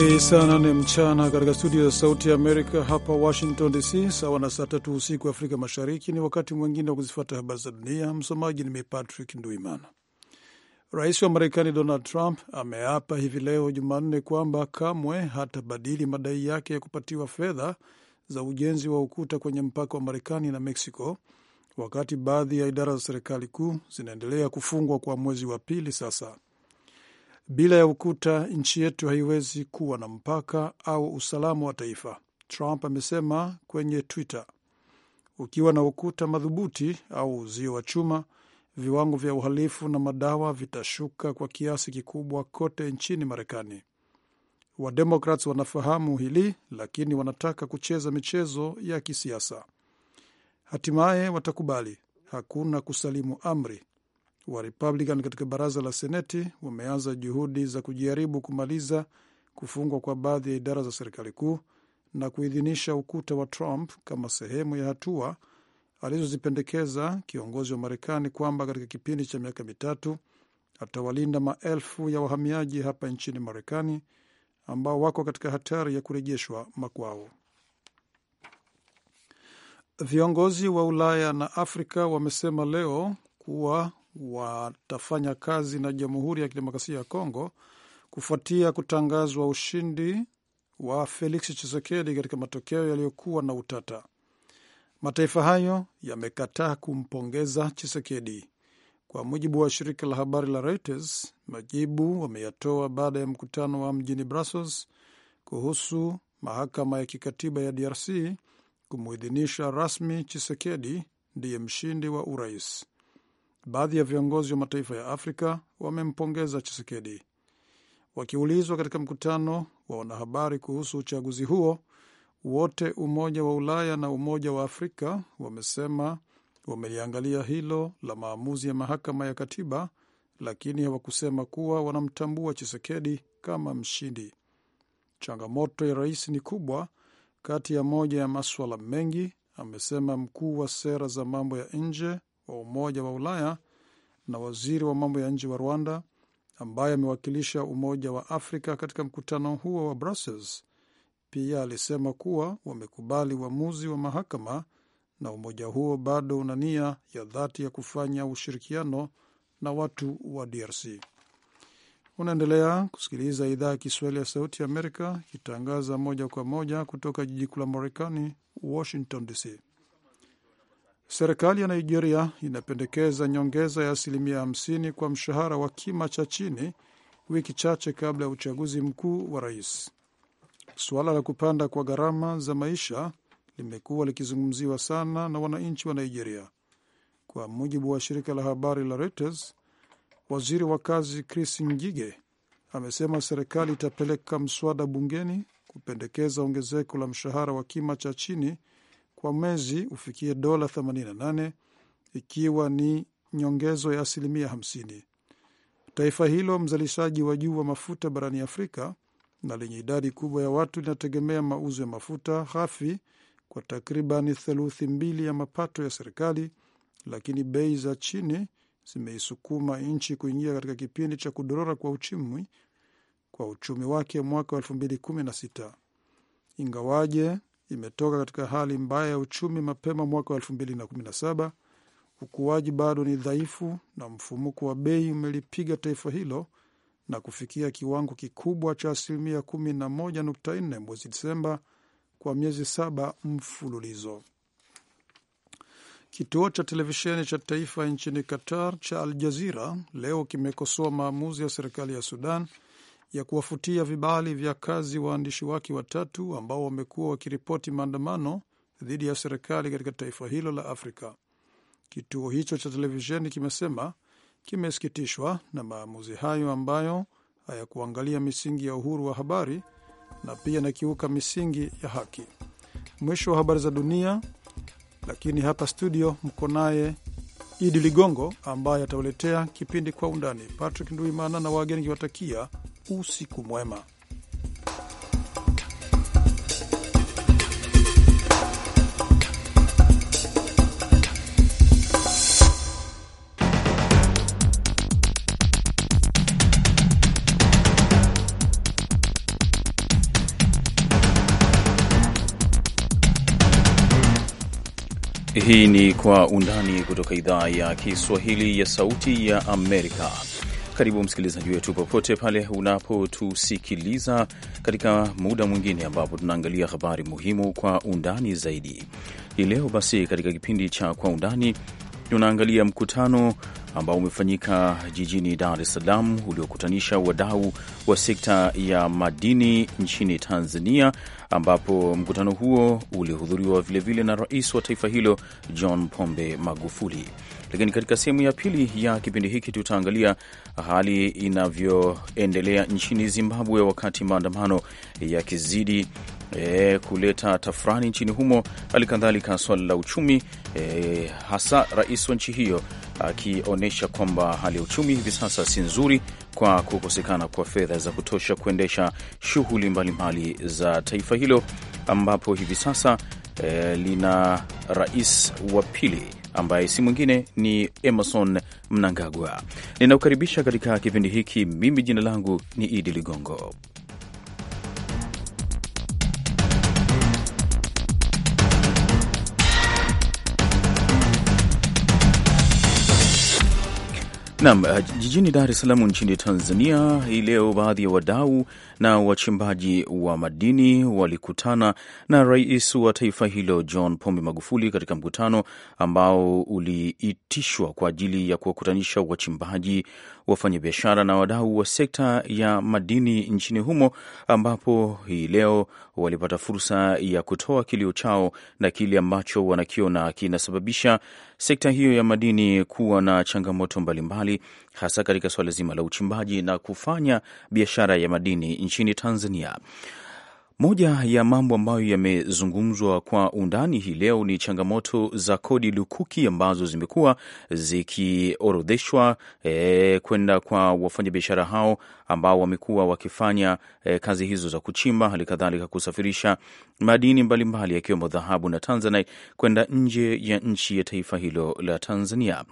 Ni saa nane mchana katika studio za Sauti ya Amerika hapa Washington DC, sawa na saa tatu usiku Afrika Mashariki. Ni wakati mwingine wa kuzifuata habari za dunia. Msomaji ni mi Patrick Nduimana. Rais wa Marekani Donald Trump ameapa hivi leo Jumanne kwamba kamwe hatabadili madai yake ya kupatiwa fedha za ujenzi wa ukuta kwenye mpaka wa Marekani na Mexico, wakati baadhi ya idara za serikali kuu zinaendelea kufungwa kwa mwezi wa pili sasa. Bila ya ukuta, nchi yetu haiwezi kuwa na mpaka au usalama wa taifa, Trump amesema kwenye Twitter. Ukiwa na ukuta madhubuti au uzio wa chuma, viwango vya uhalifu na madawa vitashuka kwa kiasi kikubwa kote nchini Marekani. Wademokrats wanafahamu hili, lakini wanataka kucheza michezo ya kisiasa. Hatimaye watakubali, hakuna kusalimu amri, wa Republican katika baraza la Seneti wameanza juhudi za kujaribu kumaliza kufungwa kwa baadhi ya idara za serikali kuu na kuidhinisha ukuta wa Trump kama sehemu ya hatua alizozipendekeza kiongozi wa Marekani kwamba katika kipindi cha miaka mitatu atawalinda maelfu ya wahamiaji hapa nchini Marekani ambao wako katika hatari ya kurejeshwa makwao. Viongozi wa Ulaya na Afrika wamesema leo kuwa watafanya kazi na Jamhuri ya Kidemokrasia ya Kongo kufuatia kutangazwa ushindi wa Felix Tshisekedi katika matokeo yaliyokuwa na utata. Mataifa hayo yamekataa kumpongeza Tshisekedi. Kwa mujibu wa shirika la habari la Reuters, majibu wameyatoa baada ya mkutano wa mjini Brussels kuhusu mahakama ya kikatiba ya DRC kumuidhinisha rasmi chisekedi ndiye mshindi wa urais. Baadhi ya viongozi wa mataifa ya Afrika wamempongeza Chisekedi. Wakiulizwa katika mkutano wa wanahabari kuhusu uchaguzi huo, wote Umoja wa Ulaya na Umoja wa Afrika wamesema wameliangalia hilo la maamuzi ya mahakama ya katiba, lakini hawakusema kuwa wanamtambua Chisekedi kama mshindi. Changamoto ya rais ni kubwa kati ya moja ya maswala mengi, amesema mkuu wa sera za mambo ya nje wa Umoja wa Ulaya na waziri wa mambo ya nje wa Rwanda ambaye amewakilisha Umoja wa Afrika katika mkutano huo wa Brussels. Pia alisema kuwa wamekubali uamuzi wa, wa mahakama na umoja huo bado una nia ya dhati ya kufanya ushirikiano na watu wa DRC. Unaendelea kusikiliza idhaa ya Kiswahili ya Sauti ya Amerika ikitangaza moja kwa moja kutoka jiji kuu la Marekani, Washington DC. Serikali ya Nigeria inapendekeza nyongeza ya asilimia 50 kwa mshahara wa kima cha chini wiki chache kabla ya uchaguzi mkuu wa rais. Suala la kupanda kwa gharama za maisha limekuwa likizungumziwa sana na wananchi wa Nigeria. Kwa mujibu wa shirika la habari la Reuters, waziri wa kazi Chris Ngige amesema serikali itapeleka mswada bungeni kupendekeza ongezeko la mshahara wa kima cha chini kwa mwezi ufikie dola 88 ikiwa ni nyongezo ya asilimia 50. Taifa hilo mzalishaji wa juu wa mafuta barani Afrika na lenye idadi kubwa ya watu linategemea mauzo ya mafuta ghafi kwa takribani theluthi mbili ya mapato ya serikali, lakini bei za chini zimeisukuma nchi kuingia katika kipindi cha kudorora kwa uchumi, kwa uchumi wake mwaka wa 2016 ingawaje imetoka katika hali mbaya ya uchumi mapema mwaka wa 2017. Ukuaji bado ni dhaifu na mfumuko wa bei umelipiga taifa hilo na kufikia kiwango kikubwa cha asilimia 11.4 mwezi Disemba kwa miezi saba mfululizo. Kituo cha televisheni cha taifa nchini Qatar cha Al Jazira leo kimekosoa maamuzi ya serikali ya Sudan ya kuwafutia vibali vya kazi waandishi wake watatu ambao wamekuwa wakiripoti maandamano dhidi ya serikali katika taifa hilo la Afrika. Kituo hicho cha televisheni kimesema kimesikitishwa na maamuzi hayo ambayo hayakuangalia misingi ya uhuru wa habari na pia nakiuka misingi ya haki. Mwisho wa habari za dunia, lakini hapa studio mko naye Idi Ligongo ambaye atauletea kipindi kwa undani. Patrick Nduimana na wageni kiwatakia usiku mwema. Hii ni Kwa Undani kutoka idhaa ya Kiswahili ya Sauti ya Amerika. Karibu msikilizaji wetu popote pale unapotusikiliza katika muda mwingine ambapo tunaangalia habari muhimu kwa undani zaidi. Hii leo basi, katika kipindi cha Kwa Undani tunaangalia mkutano ambao umefanyika jijini Dar es Salaam uliokutanisha wadau wa sekta ya madini nchini Tanzania, ambapo mkutano huo ulihudhuriwa vilevile na rais wa taifa hilo John Pombe Magufuli. Lakini katika sehemu ya pili ya kipindi hiki tutaangalia hali inavyoendelea nchini Zimbabwe wakati maandamano yakizidi E, kuleta tafrani nchini humo, hali kadhalika swala la uchumi e, hasa rais wa nchi hiyo akionyesha kwamba hali ya uchumi hivi sasa si nzuri kwa kukosekana kwa fedha za kutosha kuendesha shughuli mbalimbali za taifa hilo ambapo hivi sasa e, lina rais wa pili ambaye si mwingine ni Emerson Mnangagwa. Ninakukaribisha katika kipindi hiki, mimi jina langu ni Idi Ligongo. Nam, eh, jijini Dar es Salaam nchini Tanzania hii leo, baadhi ya wadau na wachimbaji wa madini walikutana na rais wa taifa hilo John Pombe Magufuli katika mkutano ambao uliitishwa kwa ajili ya kuwakutanisha wachimbaji, wafanyabiashara na wadau wa sekta ya madini nchini humo, ambapo hii leo walipata fursa ya kutoa kilio chao na kile ambacho wanakiona kinasababisha sekta hiyo ya madini kuwa na changamoto mbalimbali serikali hasa katika suala zima la uchimbaji na kufanya biashara ya madini nchini Tanzania. Moja ya mambo ambayo yamezungumzwa kwa undani hii leo ni changamoto za kodi lukuki ambazo zimekuwa zikiorodheshwa e, kwenda kwa wafanyabiashara hao ambao wamekuwa wakifanya e, kazi hizo za kuchimba, hali kadhalika kusafirisha madini mbalimbali yakiwemo dhahabu na tanzanite kwenda nje ya nchi ya taifa hilo la Tanzania,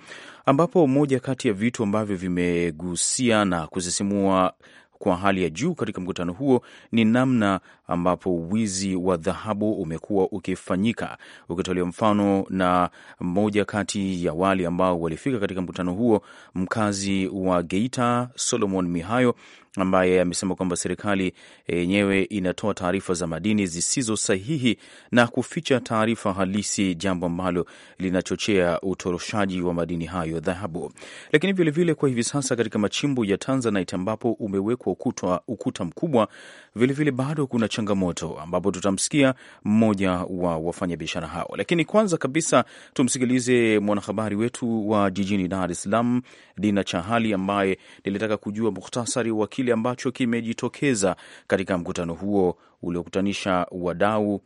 ambapo moja kati ya vitu ambavyo vimegusia na kusisimua kwa hali ya juu katika mkutano huo ni namna ambapo wizi wa dhahabu umekuwa ukifanyika, ukitolia mfano na mmoja kati ya wale ambao walifika katika mkutano huo, mkazi wa Geita Solomon Mihayo ambaye amesema kwamba serikali yenyewe inatoa taarifa za madini zisizo sahihi na kuficha taarifa halisi, jambo ambalo linachochea utoroshaji wa madini hayo dhahabu. Lakini vilevile vile kwa hivi sasa katika machimbo ya Tanzanite ambapo umewekwa ukuta, ukuta mkubwa vilevile vile bado kuna changamoto, ambapo tutamsikia mmoja wa wafanyabiashara hao. Lakini kwanza kabisa tumsikilize mwanahabari wetu wa jijini Dar es Salaam Dina Chahali ambaye nilitaka kujua muhtasari wa kile kile ambacho kimejitokeza katika mkutano huo uliokutanisha wadau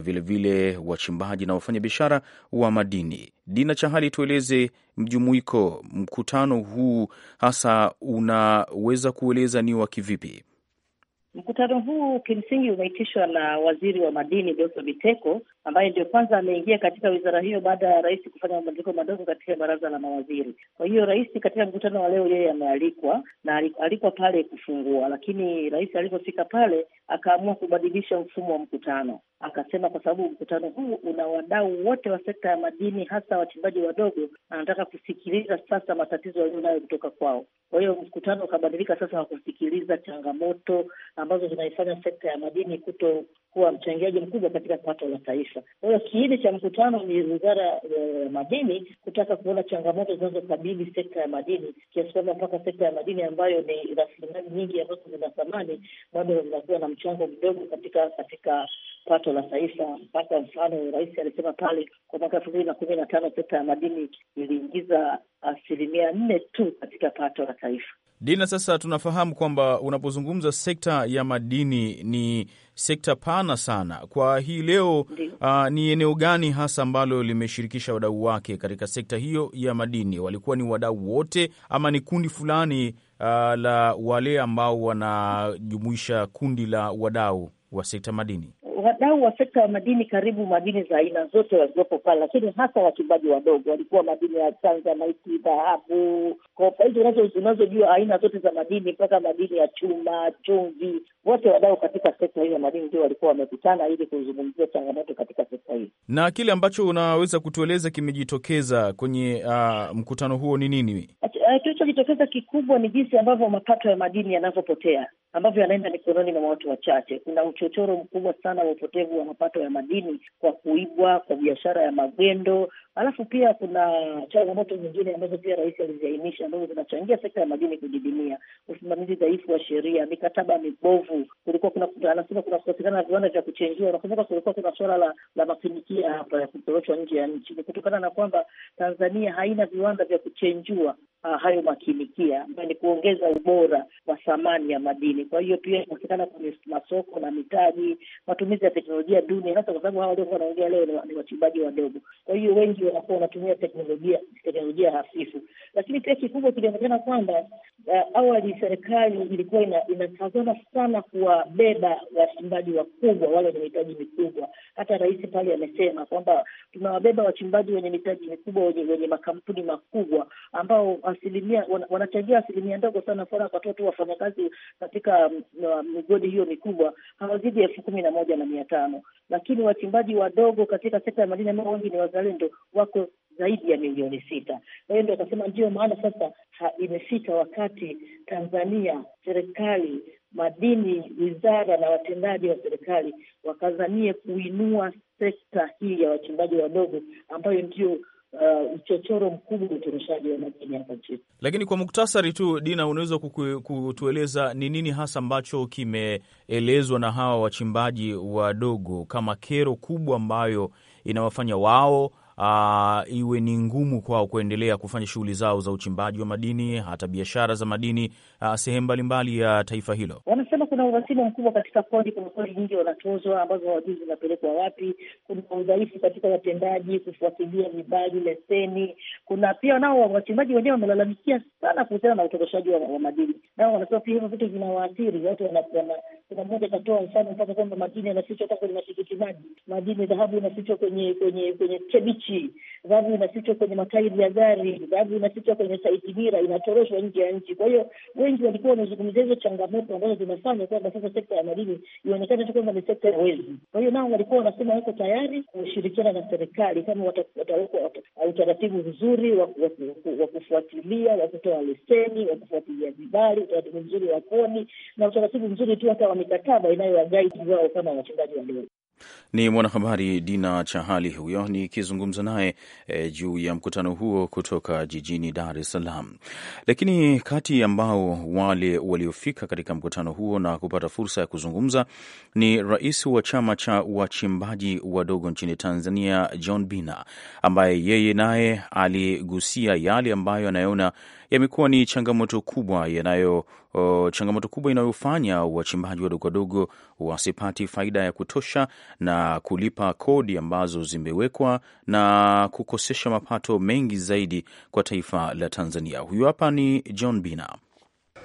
vilevile eh, wachimbaji na wafanyabiashara wa madini. Dina Chahali, tueleze mjumuiko, mkutano huu hasa unaweza kueleza ni wa kivipi? Mkutano huu kimsingi umeitishwa na waziri wa madini Doto Biteko ambaye ndio kwanza ameingia katika wizara hiyo baada ya rais kufanya mabadiliko madogo katika baraza la mawaziri. Kwa hiyo rais katika mkutano wa leo yeye amealikwa na alikwa pale kufungua, lakini rais alipofika pale akaamua kubadilisha mfumo wa mkutano. Akasema kwa sababu mkutano huu una wadau wote wa sekta ya madini, hasa wachimbaji wadogo, anataka kusikiliza sasa matatizo yaliyonayo kutoka kwao. Kwa hiyo mkutano ukabadilika sasa wa kusikiliza changamoto ambazo zinaifanya sekta ya madini kuto kuwa mchangiaji mkubwa katika pato la taifa taifa. Kwa hiyo kiini cha mkutano ni wizara ya madini kutaka kuona changamoto zinazokabili sekta ya madini, kiasi kwamba mpaka sekta ya madini ambayo ni rasilimali nyingi ambazo zina thamani bado zinakuwa na mchango mdogo katika katika pato la taifa. Mpaka mfano, rais alisema pale kwa mwaka elfu mbili na kumi na tano sekta ya madini iliingiza asilimia nne tu katika pato la taifa. Dina, sasa tunafahamu kwamba unapozungumza sekta ya madini ni sekta pana sana. Kwa hii leo uh, ni eneo gani hasa ambalo limeshirikisha wadau wake katika sekta hiyo ya madini? Walikuwa ni wadau wote ama ni kundi fulani uh, la wale ambao wanajumuisha kundi la wadau wa sekta madini? wadau wa sekta ya madini, karibu madini za aina zote waliopo pale, lakini hasa wachimbaji wadogo walikuwa madini ya tanzanite, dhahabu, kopa, hizo unazojua aina zote za madini mpaka madini ya chuma, chumvi. Wote wadau katika sekta hii ya madini ndio walikuwa wamekutana ili kuzungumzia changamoto katika sekta hii. Na kile ambacho unaweza kutueleza kimejitokeza kwenye uh, mkutano huo ni nini? Eh, kilichojitokeza kikubwa ni jinsi ambavyo mapato ya madini yanavyopotea, ambavyo yanaenda mikononi mwa watu wachache. Kuna uchochoro mkubwa sana wa upotevu wa mapato ya madini kwa kuibwa, kwa biashara ya magendo. Alafu pia kuna changamoto nyingine ambazo pia rais aliziainisha ambazo zinachangia sekta ya madini kudidimia: usimamizi dhaifu wa sheria, mikataba mibovu. Kulikuwa kuna anasema kuna kukosekana viwanda vya kuchenjia. Unakumbuka kulikuwa kuna suala la, la mafinikia hapa ya kutoroshwa nje ya nchi, ni kutokana na kwamba Tanzania haina viwanda vya kuchenjua ah, hayo makinikia ambayo ni kuongeza ubora wa thamani ya madini. Kwa hiyo pia inakosekana kwenye masoko na mitaji matumizi matumizi ya teknolojia duni, hasa kwa sababu hawa waliokuwa wanaongea leo ni wachimbaji wadogo. Kwa hiyo wengi wanakuwa wanatumia teknolojia teknolojia hafifu, lakini pia kikubwa kilionekana kwamba uh, awali serikali ilikuwa ina, inatazama sana kuwabeba wachimbaji wakubwa wale wenye mitaji mikubwa. Hata rais pale amesema kwamba tunawabeba wachimbaji wenye mitaji mikubwa wenye, wenye makampuni makubwa ambao asilimia wan, wanachangia asilimia ndogo sana sana kwa wafanyakazi katika mm, migodi hiyo mikubwa hawazidi elfu kumi na moja na mia tano lakini wachimbaji wadogo katika sekta ya madini ambao wengi ni wazalendo wako zaidi ya milioni sita. Kwa hiyo ndio akasema, ndiyo maana sasa imefika wakati Tanzania, serikali, madini, wizara na watendaji wa serikali wakazanie kuinua sekta hii ya wachimbaji wadogo ambayo ndio uh, uchochoro mkubwa wa utumishaji wa madini hapa nchini. Lakini kwa muktasari tu, Dina, unaweza kutueleza ni nini hasa ambacho kimeelezwa na hawa wachimbaji wadogo kama kero kubwa ambayo inawafanya wao uh, iwe ni ngumu kwao kuendelea kufanya shughuli zao za uchimbaji wa madini hata biashara za madini uh, sehemu mbalimbali ya taifa hilo. Wanasema kuna urasimu mkubwa katika kodi, kuna kodi nyingi wanatozwa ambazo hawajui zinapelekwa wapi. Kuna udhaifu katika watendaji kufuatilia vibali, leseni. Kuna pia nao wachimbaji wenyewe wamelalamikia sana kuhusiana na utokoshaji wa, wa madini. Nao wanasema pia hivyo vitu vinawaathiri watu wana kuna mmoja akatoa mfano mpaka kwamba madini yanafichwa hata kwenye matikiti maji, madini dhahabu inafichwa kwenye kwenye kwenye kebichi, dhahabu inafichwa kwenye matairi ya gari, dhahabu inafichwa kwenye saiti inatoroshwa nje ya nchi. Kwa hiyo wengi walikuwa wanazungumzia hizo changamoto ambazo zinafanya kwamba sasa sekta ya madini ionekane tu kwamba ni sekta ya wezi. Kwa hiyo nao walikuwa wanasema wako tayari kushirikiana na serikali kama watawekwa utaratibu mzuri wa kufuatilia, wa kutoa leseni, wa kufuatilia vibali, utaratibu mzuri wa koni na utaratibu mzuri tu hata mikataba inayowaguide wao kama wa wadogo. Ni mwanahabari Dina Chahali huyo nikizungumza naye e, juu ya mkutano huo kutoka jijini Dar es Salaam. Lakini kati ambao wale waliofika katika mkutano huo na kupata fursa ya kuzungumza ni rais wa chama cha wachimbaji wadogo nchini Tanzania, John Bina, ambaye yeye naye aligusia yale ambayo anayoona yamekuwa ni changamoto kubwa yanayo o, changamoto kubwa inayofanya wachimbaji wadogo wadogo wasipati faida ya kutosha na kulipa kodi ambazo zimewekwa na kukosesha mapato mengi zaidi kwa taifa la Tanzania. Huyu hapa ni John Bina.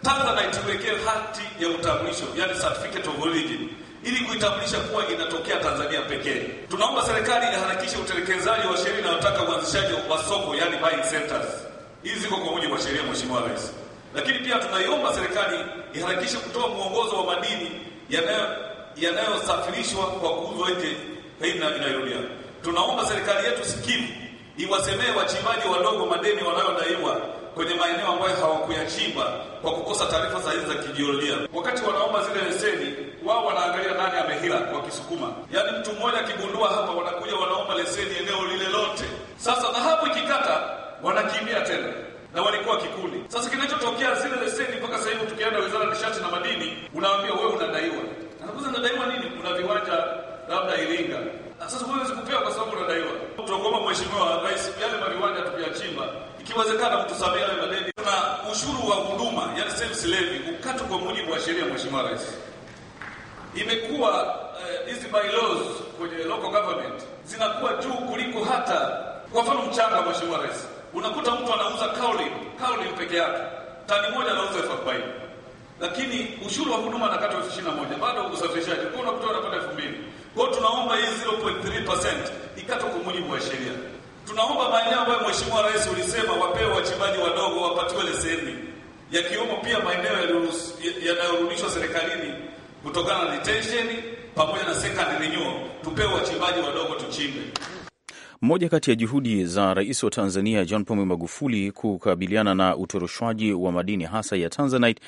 Tanzanite iwekee hati ya utambulisho, yani certificate of origin ili kuitambulisha kuwa inatokea Tanzania pekee. Tunaomba serikali iharakishe utekelezaji wa sheria inayotaka uanzishaji wa soko, yani buying centers. Hizi ziko kwa mujibu wa sheria, Mheshimiwa Rais. Lakini pia tunaiomba serikali iharakishe kutoa mwongozo wa madini yanayo yanayosafirishwa kwa kuuzwa nje ya Nairobi. Tunaomba serikali yetu sikivu iwasemee wachimbaji wadogo madeni wanayodaiwa kwenye maeneo ambayo hawakuyachimba kwa kukosa taarifa sahihi za kijiolojia. Wakati wanaomba zile leseni, wao wanaangalia nani amehila kwa Kisukuma, yaani mtu mmoja akigundua hapa, wanakuja wanaomba leseni eneo lile lote. Sasa dhahabu ikikata, wanakimbia tena na walikuwa kikundi. Sasa kinachotokea zile leseni mpaka sasa hivi, tukienda wizara ya nishati na madini, unaambia wewe unadaiwa sasa unadaiwa nini? Kuna viwanja labda Iringa. Sasa wewe huwezi kupewa kwa sababu unadaiwa. Tunakuomba Mheshimiwa Rais, yale maviwanja tuyachimba. Ikiwezekana mtusamee yale madeni. Kuna ushuru wa huduma, yani service levy, ukatwa kwa mujibu wa sheria Mheshimiwa Rais. Imekuwa eh, hizi uh, bylaws kwenye local government zinakuwa juu kuliko hata kwa mfano mchanga, Mheshimiwa Rais. Unakuta mtu anauza kauli, kauli peke yake. Tani moja anauza elfu arobaini lakini ushuru wa huduma anakata 21 bado usafirishaji kwa unakuta anapata 2000 kwa tunaomba hii 0.3% ikatwe kwa mujibu wa sheria tunaomba maeneo ambayo mheshimiwa rais ulisema wapewe wachimbaji wadogo wapatiwe leseni yakiwemo pia maeneo yanayorudishwa serikalini kutokana na retention pamoja na second renewal tupewe wachimbaji wadogo tuchimbe moja kati ya juhudi za rais wa Tanzania John Pombe Magufuli kukabiliana na utoroshwaji wa madini hasa ya Tanzanite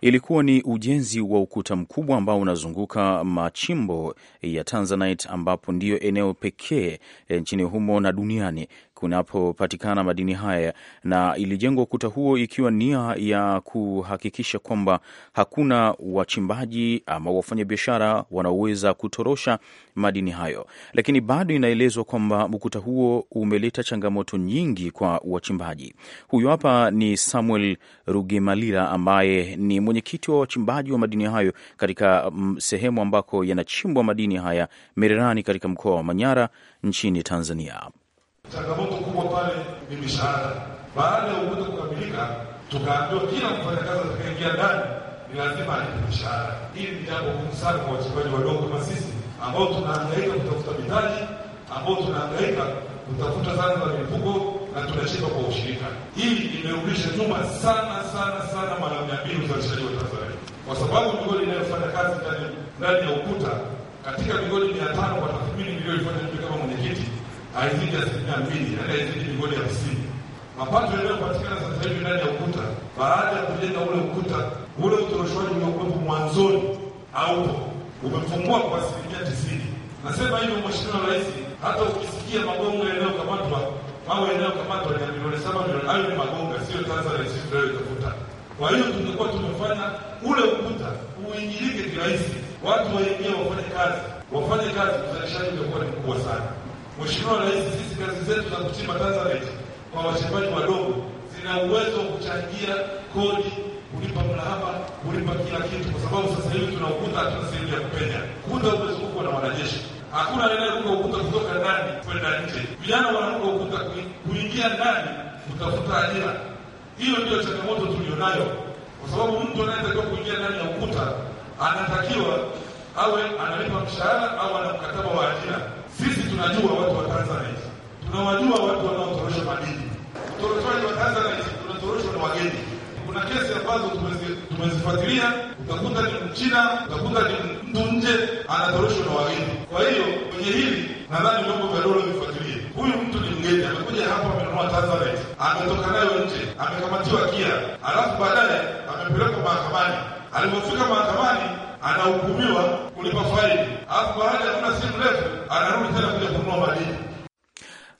Ilikuwa ni ujenzi wa ukuta mkubwa ambao unazunguka machimbo ya Tanzanite ambapo ndiyo eneo pekee eh, nchini humo na duniani kunapopatikana madini haya, na ilijengwa ukuta huo ikiwa nia ya kuhakikisha kwamba hakuna wachimbaji ama wafanyabiashara wanaoweza kutorosha madini hayo, lakini bado inaelezwa kwamba ukuta huo umeleta changamoto nyingi kwa wachimbaji. Huyu hapa ni Samuel Rugemalira ambaye ni mwenyekiti wa wachimbaji wa madini hayo katika mm, sehemu ambako yanachimbwa madini haya Mererani katika mkoa wa Manyara nchini Tanzania. Changamoto kubwa pale ni mishahara. Baada ya uwezo kukamilika, tukaambiwa kila mfanyakazi atakaingia ndani ni lazima alipe mishahara. Hili ni jambo muhimu sana kwa wachimbaji wadogo kama sisi ambao tunaangaika kutafuta mitaji, ambao tunaangaika kutafuta zana za mifugo na tunashindwa kwa ushirika. Hii imeurisha nyuma sana sana sana mara mia mbili uzalishaji wa Tanzania, kwa sababu migodi inayofanya kazi ndani ya ukuta katika migodi mia tano kwa tathmini niliyoifanya kama mwenyekiti alizidi asilimia mbili, yaani alizidi milioni hamsini. Mapato yanayopatikana sasa hivi ndani ya ukuta baada ya kujenga ule ukuta, ule utoroshwaji uliokuwepo mwanzoni haupo, umepungua kwa asilimia tisini. Nasema hivyo Mheshimiwa Rais, hata ukisikia magongo yanayokamatwa mawe yanayokamatwa ni milioni saba milioni, hayo ni magonga, siyo Tanzania Kwa hiyo tungekuwa tumefanya ule ukuta uingilike kirahisi, watu waingie wafanye kazi, wafanye kazi, uzalishaji utakuwa ni mkubwa sana. Mheshimiwa Rais, sisi kazi zetu za kuchimba Tanzanite kwa wachimbaji wadogo zina uwezo wa kuchangia kodi, kulipa mrahaba, kulipa kila kitu, kwa sababu sasa hivi tuna ukuta, hatuna sehemu ya kupenya. Kuta umezungukwa na wanajeshi, hakuna anayeruka ukuta kutoka ndani kwenda nje. Vijana wanaruka ukuta kuingia ndani kutafuta ajira. Hiyo ndiyo changamoto tulionayo, kwa sababu mtu anayetakiwa kuingia ndani ya ukuta anatakiwa awe analipa mshahara au ana mkataba wa ajira. Sisi tunajua watu wa Tanzania, tunawajua watu wanaotorosha madini. Utoroshwaji wa Tanzania tunatoroshwa na wageni. Kuna kesi ambazo tumezifuatilia, utakuta ni Mchina, utakuta ni mtu nje anatoroshwa na wageni. Kwa hiyo kwenye hili nadhani vyombo vya dola vifuatilie. Huyu mtu ni mgeni, amekuja hapa, amenunua Tanzania, ametoka nayo nje, amekamatiwa KIA, alafu baadaye amepelekwa mahakamani. Alipofika mahakamani anahukumiwa kulipa faini, alafu baada ya muda si mrefu anarudi tena kuja kununua madini.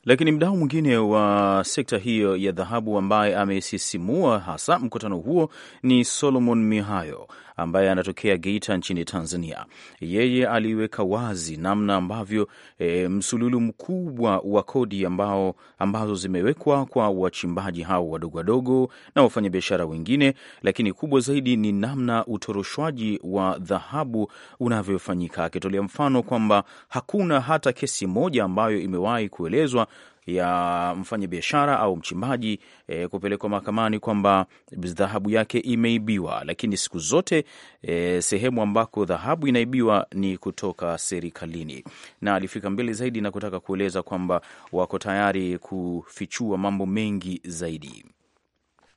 Lakini mdau mwingine wa sekta hiyo ya dhahabu ambaye amesisimua hasa mkutano huo ni Solomon Mihayo ambaye anatokea Geita nchini Tanzania. Yeye aliweka wazi namna ambavyo e, msululu mkubwa wa kodi ambao, ambazo zimewekwa kwa wachimbaji hao wadogo wadogo na wafanyabiashara wengine, lakini kubwa zaidi ni namna utoroshwaji wa dhahabu unavyofanyika, akitolea mfano kwamba hakuna hata kesi moja ambayo imewahi kuelezwa ya mfanyabiashara au mchimbaji e, kupelekwa mahakamani kwamba dhahabu yake imeibiwa, lakini siku zote e, sehemu ambako dhahabu inaibiwa ni kutoka serikalini. Na alifika mbele zaidi na kutaka kueleza kwamba wako tayari kufichua mambo mengi zaidi.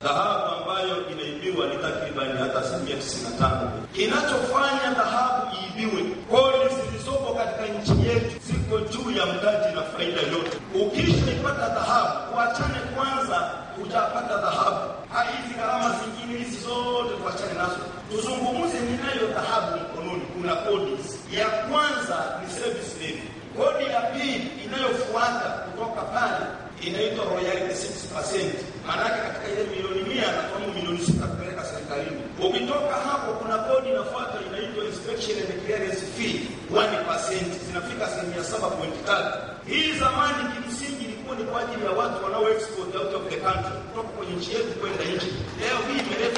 Dhahabu ambayo inaibiwa ni takribani hata asilimia 95 kinachofanya individual inspection and clearance fee 1% zinafika asilimia 7.3. Hii zamani kimsingi ilikuwa ni kwa ajili ya watu wanao export out of the country kutoka kwenye nchi yetu kwenda nchi. Leo hii imeleta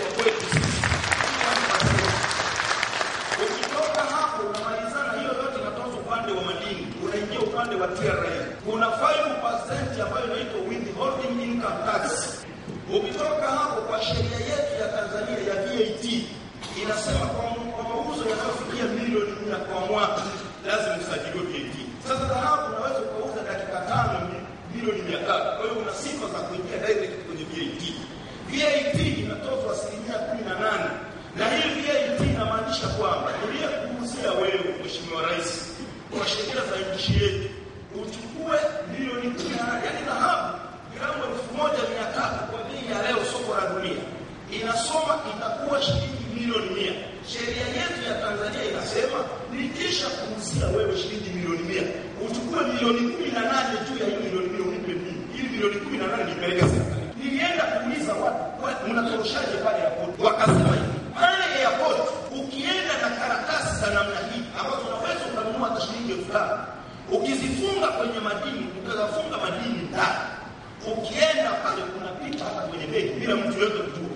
não mtu yote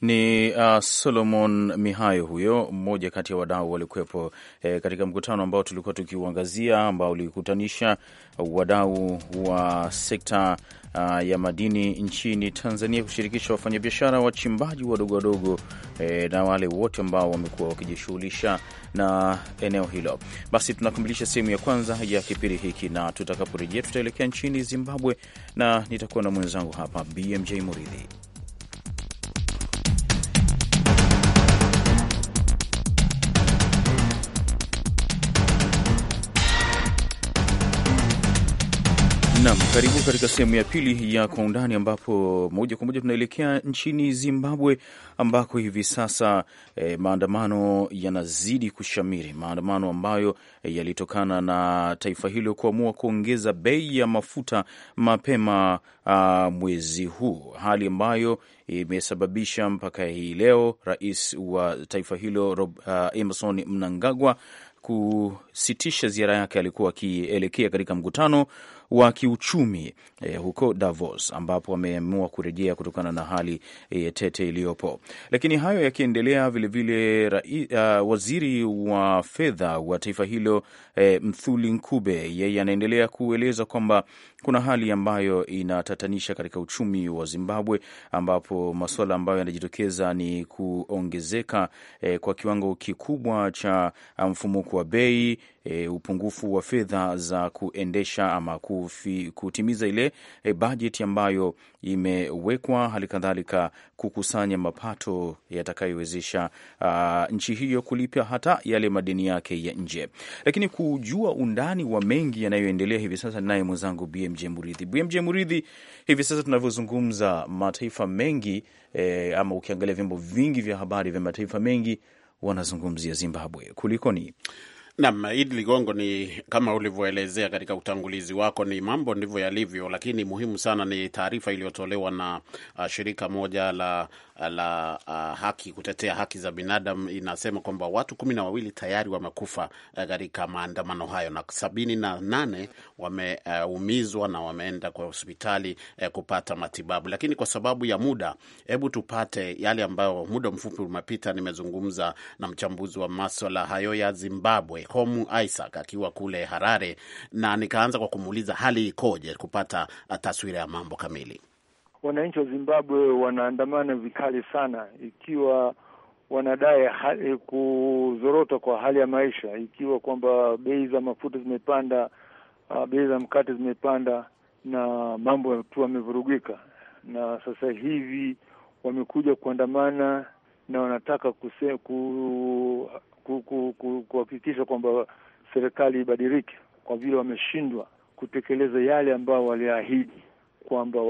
Ni uh, Solomon Mihayo huyo, mmoja kati ya wadau walikuwepo eh, katika mkutano ambao tulikuwa tukiuangazia ambao ulikutanisha wadau wa sekta uh, ya madini nchini Tanzania kushirikisha wafanyabiashara wachimbaji wadogo wadogo eh, na wale wote ambao wamekuwa wakijishughulisha na eneo hilo. Basi tunakamilisha sehemu ya kwanza ya kipindi hiki, na tutakaporejea tutaelekea nchini Zimbabwe na nitakuwa na mwenzangu hapa BMJ Muridhi. Nam, karibu katika sehemu ya pili ya Kwa Undani, ambapo moja kwa moja tunaelekea nchini Zimbabwe ambako hivi sasa eh, maandamano yanazidi kushamiri, maandamano ambayo eh, yalitokana na taifa hilo kuamua kuongeza bei ya mafuta mapema ah, mwezi huu, hali ambayo imesababisha mpaka hii leo rais wa taifa hilo Rob, ah, Emerson Mnangagwa kusitisha ziara yake alikuwa akielekea katika mkutano wa kiuchumi eh, huko Davos ambapo wameamua kurejea kutokana na hali eh, tete iliyopo. Lakini hayo yakiendelea, vilevile uh, eh, waziri wa fedha wa taifa hilo eh, Mthuli Nkube yeye anaendelea kueleza kwamba kuna hali ambayo inatatanisha katika uchumi wa Zimbabwe ambapo masuala ambayo yanajitokeza ni kuongezeka eh, kwa kiwango kikubwa cha eh, mfumuko wa bei e, upungufu wa fedha za kuendesha ama kufi, kutimiza ile e, bajeti ambayo imewekwa, hali kadhalika kukusanya mapato yatakayowezesha nchi hiyo kulipia hata yale madeni yake ya nje. Lakini kujua undani wa mengi yanayoendelea hivi sasa, naye mwenzangu BMJ Muridhi. BMJ Muridhi, hivi sasa tunavyozungumza, mataifa mengi e, ama ukiangalia vyombo vingi vya habari vya mataifa mengi wanazungumzia Zimbabwe. Kulikoni? Naam, Idi Ligongo, ni kama ulivyoelezea katika utangulizi wako, ni mambo ndivyo yalivyo, lakini muhimu sana ni taarifa iliyotolewa na uh, shirika moja la la uh, haki kutetea haki za binadamu inasema kwamba watu kumi na wawili tayari wamekufa uh, katika uh, maandamano hayo na sabini na nane wameumizwa uh, na wameenda kwa hospitali uh, kupata matibabu. Lakini kwa sababu ya muda, hebu tupate yale ambayo muda mfupi umepita, nimezungumza na mchambuzi wa maswala hayo ya Zimbabwe Homu Isaac akiwa kule Harare, na nikaanza kwa kumuuliza hali ikoje kupata uh, taswira ya mambo kamili. Wananchi wa Zimbabwe wanaandamana vikali sana, ikiwa wanadai eh, kuzorota kwa hali ya maisha, ikiwa kwamba bei za mafuta zimepanda, uh, bei za mkate zimepanda na mambo tu yamevurugika, na sasa hivi wamekuja kuandamana na wanataka kuse, ku, kuhakikisha kwamba serikali ibadilike, kwa vile wameshindwa kutekeleza yale ambayo waliahidi kwamba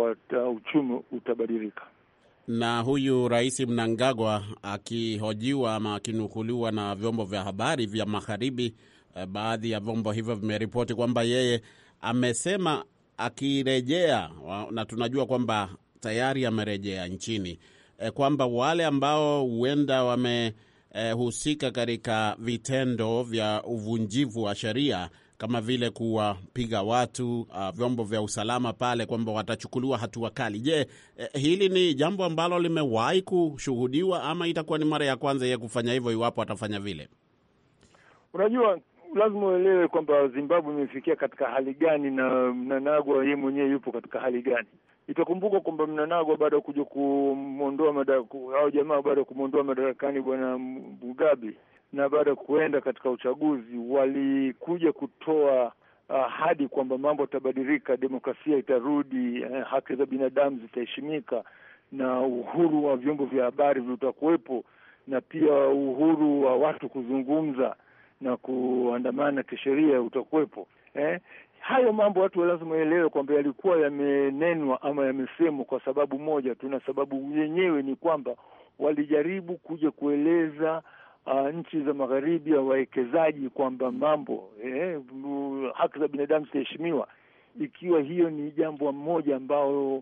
uchumi utabadilika. Na huyu Rais Mnangagwa akihojiwa ama akinukuliwa na vyombo vya habari vya magharibi, eh, baadhi ya vyombo hivyo vimeripoti kwamba yeye amesema akirejea, na tunajua kwamba tayari amerejea nchini, eh, kwamba wale ambao huenda wame eh, husika katika vitendo vya uvunjivu wa sheria kama vile kuwapiga watu uh, vyombo vya usalama pale, kwamba watachukuliwa hatua kali. Je, eh, hili ni jambo ambalo limewahi kushuhudiwa ama itakuwa ni mara ya kwanza ye kufanya hivyo, iwapo atafanya vile? Unajua, lazima uelewe kwamba Zimbabwe imefikia katika hali gani na Mnangagwa ye mwenyewe yupo katika hali gani. Itakumbuka kwamba mnanagwa baada ya kuja kumwondoa hao jamaa, baada ya kumwondoa madarakani bwana Mugabe na baada ya kuenda katika uchaguzi, walikuja kutoa ah, ahadi uh, kwamba mambo yatabadilika, demokrasia itarudi, eh, haki za binadamu zitaheshimika na uhuru wa vyombo vya habari utakuwepo na pia uhuru wa watu kuzungumza na kuandamana kisheria utakuwepo eh? hayo mambo watu lazima waelewe kwamba yalikuwa yamenenwa ama yamesemwa kwa sababu moja tu, na sababu yenyewe ni kwamba walijaribu kuja kueleza uh, nchi za magharibi ya wawekezaji kwamba mambo eh, haki za binadamu zitaheshimiwa, ikiwa hiyo ni jambo moja ambayo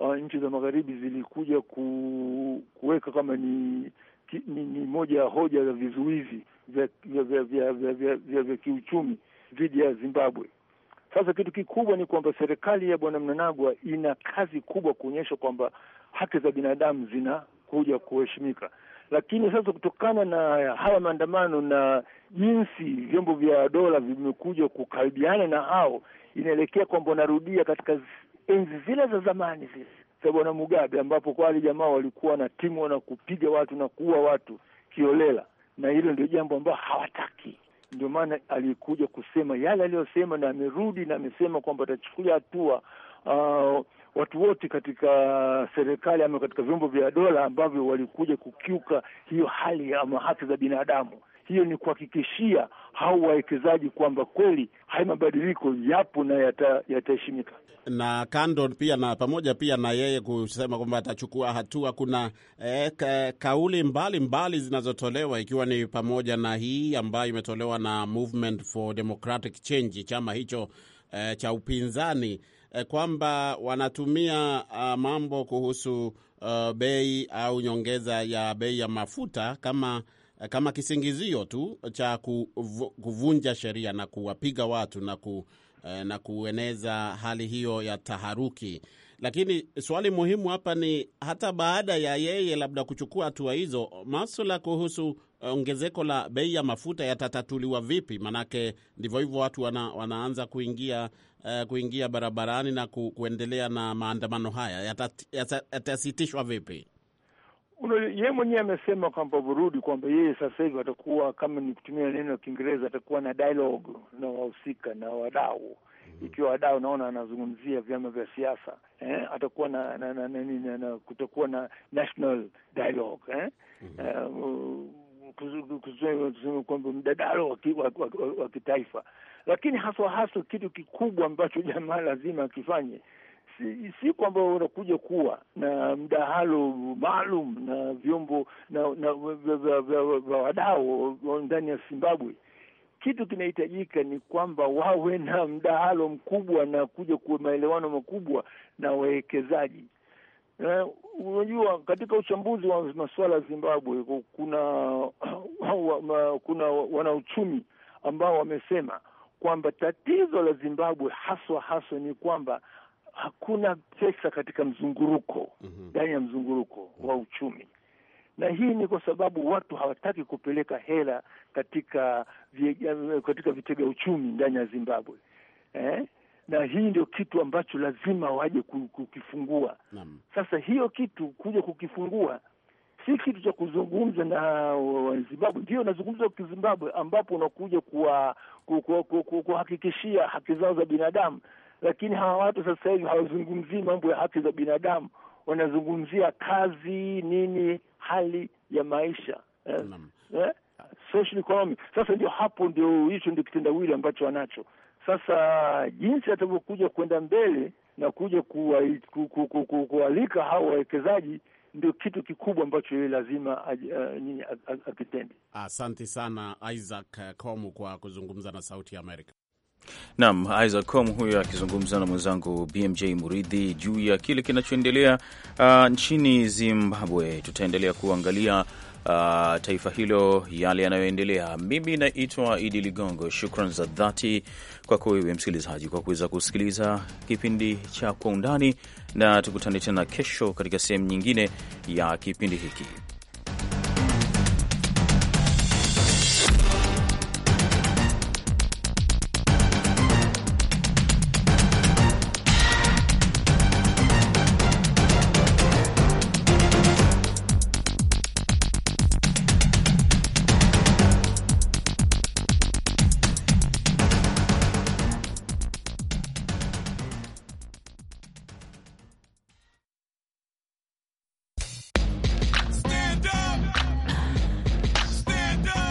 uh, ah, nchi za magharibi zilikuja ku, kuweka kama ni, ki, ni, ni moja ya hoja za vizuizi vya kiuchumi dhidi ya Zimbabwe. Sasa kitu kikubwa ni kwamba serikali ya Bwana Mnangagwa ina kazi kubwa kuonyesha kwamba haki za binadamu zinakuja kuheshimika, lakini sasa kutokana na haya maandamano na jinsi vyombo vya dola vimekuja kukaribiana na hao, inaelekea kwamba wanarudia katika enzi zile za zamani zile za Bwana Mugabe, ambapo kwa wale jamaa walikuwa na timu na kupiga watu na kuua watu kiolela, na hilo ndio jambo ambayo hawataki. Ndio maana alikuja kusema yale aliyosema, na amerudi na amesema kwamba atachukulia hatua uh, watu wote katika serikali ama katika vyombo vya dola ambavyo walikuja kukiuka hiyo hali ama haki za binadamu. Hiyo ni kuhakikishia au wawekezaji kwamba kweli haya mabadiliko yapo na yataheshimika. Yata na kando pia na pamoja pia na yeye kusema kwamba atachukua hatua, kuna eh, kauli mbalimbali mbali zinazotolewa ikiwa ni pamoja na hii ambayo imetolewa na Movement for Democratic Change, chama hicho eh, cha upinzani eh, kwamba wanatumia ah, mambo kuhusu Uh, bei au nyongeza ya bei ya mafuta kama kama kisingizio tu cha kuvunja sheria na kuwapiga watu na, ku, eh, na kueneza hali hiyo ya taharuki. Lakini swali muhimu hapa ni hata baada ya yeye labda kuchukua hatua hizo, maswala kuhusu eh, ongezeko la bei ya mafuta yatatatuliwa vipi? Maanake ndivyo hivyo watu wana, wanaanza kuingia uh, kuingia barabarani na ku, kuendelea na maandamano haya yatasitishwa yata, yata vipi? yeye mwenyewe amesema kwamba burudi kwamba yeye sasa hivi atakuwa kama ni kutumia neno ya Kiingereza atakuwa na dialogue na wahusika na wadau mm-hmm. ikiwa wadau naona anazungumzia vyama vya siasa eh, atakuwa na na, na, na, na, na kutakuwa na national dialogue eh? Mm-hmm. eh kwamba mdadalo wa kitaifa, lakini haswa haswa kitu kikubwa ambacho jamaa lazima akifanye si, si kwamba unakuja kuwa na mdahalo maalum na vyombo na vya wadau ndani ya Zimbabwe. Kitu kinahitajika ni kwamba wawe na mdahalo mkubwa na kuja kuwa maelewano makubwa na wawekezaji. Eh, unajua, katika uchambuzi wa masuala ya Zimbabwe kuna kuna wanauchumi ambao wamesema kwamba tatizo la Zimbabwe haswa haswa ni kwamba hakuna pesa katika mzunguruko mhm. ndani mm -hmm. ya mzunguruko mhm. wa uchumi, na hii ni kwa sababu watu hawataki kupeleka hela katika vie, katika vitega uchumi ndani ya Zimbabwe eh? na hii ndio kitu ambacho lazima waje kukifungua Sasa hiyo kitu kuja kukifungua si kitu cha kuzungumza na Wazimbabwe, ndio nazungumza Kizimbabwe ambapo unakuja kuhakikishia haki zao za binadamu lakini hawa watu sasa hivi hawazungumzii mambo ya haki za binadamu, wanazungumzia kazi nini, hali ya maisha eh? Eh? Social economy. Sasa ndio hapo, ndio hicho ndio kitendawili ambacho wanacho sasa. Jinsi atavyokuja kwenda mbele na kuja kuwalika ku, ku, ku, ku, hao wawekezaji ndio kitu kikubwa ambacho yeye lazima eh, nini akitende. Asante sana Isaac Komu kwa kuzungumza na Sauti ya Amerika. Nam Isaac Com huyo akizungumza na mwenzangu BMJ Muridhi juu ya kile kinachoendelea uh, nchini Zimbabwe. Tutaendelea kuangalia uh, taifa hilo, yale yanayoendelea. Mimi naitwa Idi Ligongo. Shukran za dhati kwako wewe msikilizaji kwa kuweza kusikiliza kipindi cha Kwa Undani, na tukutane tena kesho katika sehemu nyingine ya kipindi hiki.